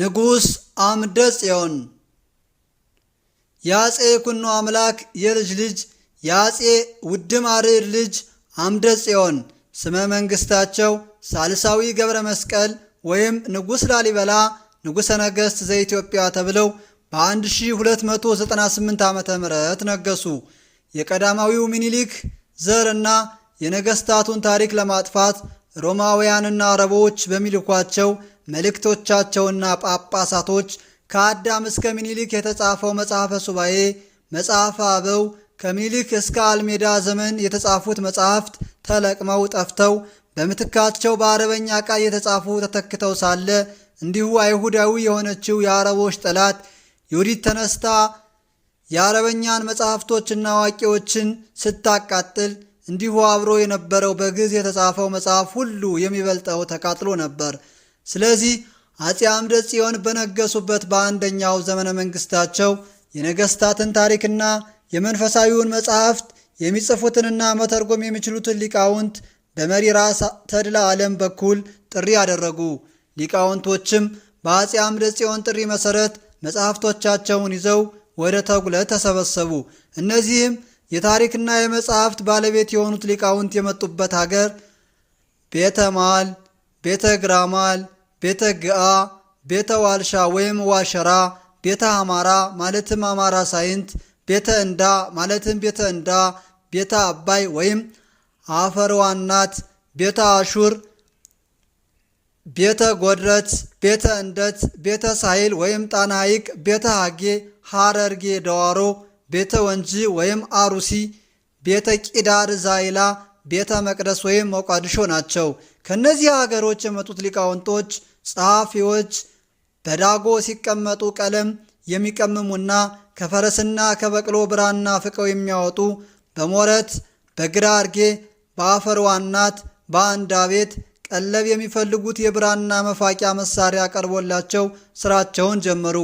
ንጉሥ አምደ ጽዮን የአጼ ኩኖ አምላክ የልጅ ልጅ የአጼ አርር ልጅ አምደ ጽዮን ስመ መንግሥታቸው ሳልሳዊ ገብረ መስቀል ወይም ንጉሥ ላሊበላ ንጉሠ ነገሥት ዘኢትዮጵያ ተብለው በ1298 ዓ ም ነገሱ። የቀዳማዊው ሚኒሊክ ዘር እና የነገሥታቱን ታሪክ ለማጥፋት ሮማውያንና አረቦች በሚልኳቸው መልእክቶቻቸውና ጳጳሳቶች ከአዳም እስከ ሚኒሊክ የተጻፈው መጽሐፈ ሱባኤ፣ መጽሐፈ አበው ከሚኒሊክ እስከ አልሜዳ ዘመን የተጻፉት መጽሐፍት ተለቅመው ጠፍተው በምትካቸው በአረበኛ ቃል የተጻፉ ተተክተው ሳለ እንዲሁ አይሁዳዊ የሆነችው የአረቦች ጠላት ይሁዲት ተነስታ የአረበኛን መጽሐፍቶችና አዋቂዎችን ስታቃጥል እንዲሁ አብሮ የነበረው በግዕዝ የተጻፈው መጽሐፍ ሁሉ የሚበልጠው ተቃጥሎ ነበር። ስለዚህ አፄ አምደ ጽዮን በነገሱበት በአንደኛው ዘመነ መንግስታቸው የነገስታትን ታሪክና የመንፈሳዊውን መጻሕፍት የሚጽፉትንና መተርጎም የሚችሉትን ሊቃውንት በመሪ ራስ ተድላ ዓለም በኩል ጥሪ አደረጉ። ሊቃውንቶችም በአፄ አምደ ጽዮን ጥሪ መሠረት መጽሐፍቶቻቸውን ይዘው ወደ ተጉለ ተሰበሰቡ። እነዚህም የታሪክና የመጽሐፍት ባለቤት የሆኑት ሊቃውንት የመጡበት ሀገር ቤተ ማል፣ ቤተ ግራማል ቤተ ግአ፣ ቤተ ዋልሻ ወይም ዋሸራ፣ ቤተ አማራ ማለትም አማራ ሳይንት፣ ቤተ እንዳ ማለትም ቤተ እንዳ፣ ቤተ አባይ ወይም አፈርዋናት፣ ቤተ አሹር፣ ቤተ ጎድረት፣ ቤተ እንደት፣ ቤተ ሳይል ወይም ጣና ሐይቅ፣ ቤተ ሐጌ፣ ሐረርጌ ደዋሮ፣ ቤተ ወንጂ ወይም አሩሲ፣ ቤተ ቂዳር ዛይላ ቤተ መቅደስ ወይም ሞቃዲሾ ናቸው። ከእነዚህ አገሮች የመጡት ሊቃውንቶች፣ ጸሐፊዎች በዳጎ ሲቀመጡ ቀለም የሚቀምሙና ከፈረስና ከበቅሎ ብራና ፍቀው የሚያወጡ በሞረት በግራ አርጌ በአፈር ዋናት በአንዳ ቤት ቀለብ የሚፈልጉት የብራና መፋቂያ መሳሪያ ቀርቦላቸው ስራቸውን ጀመሩ።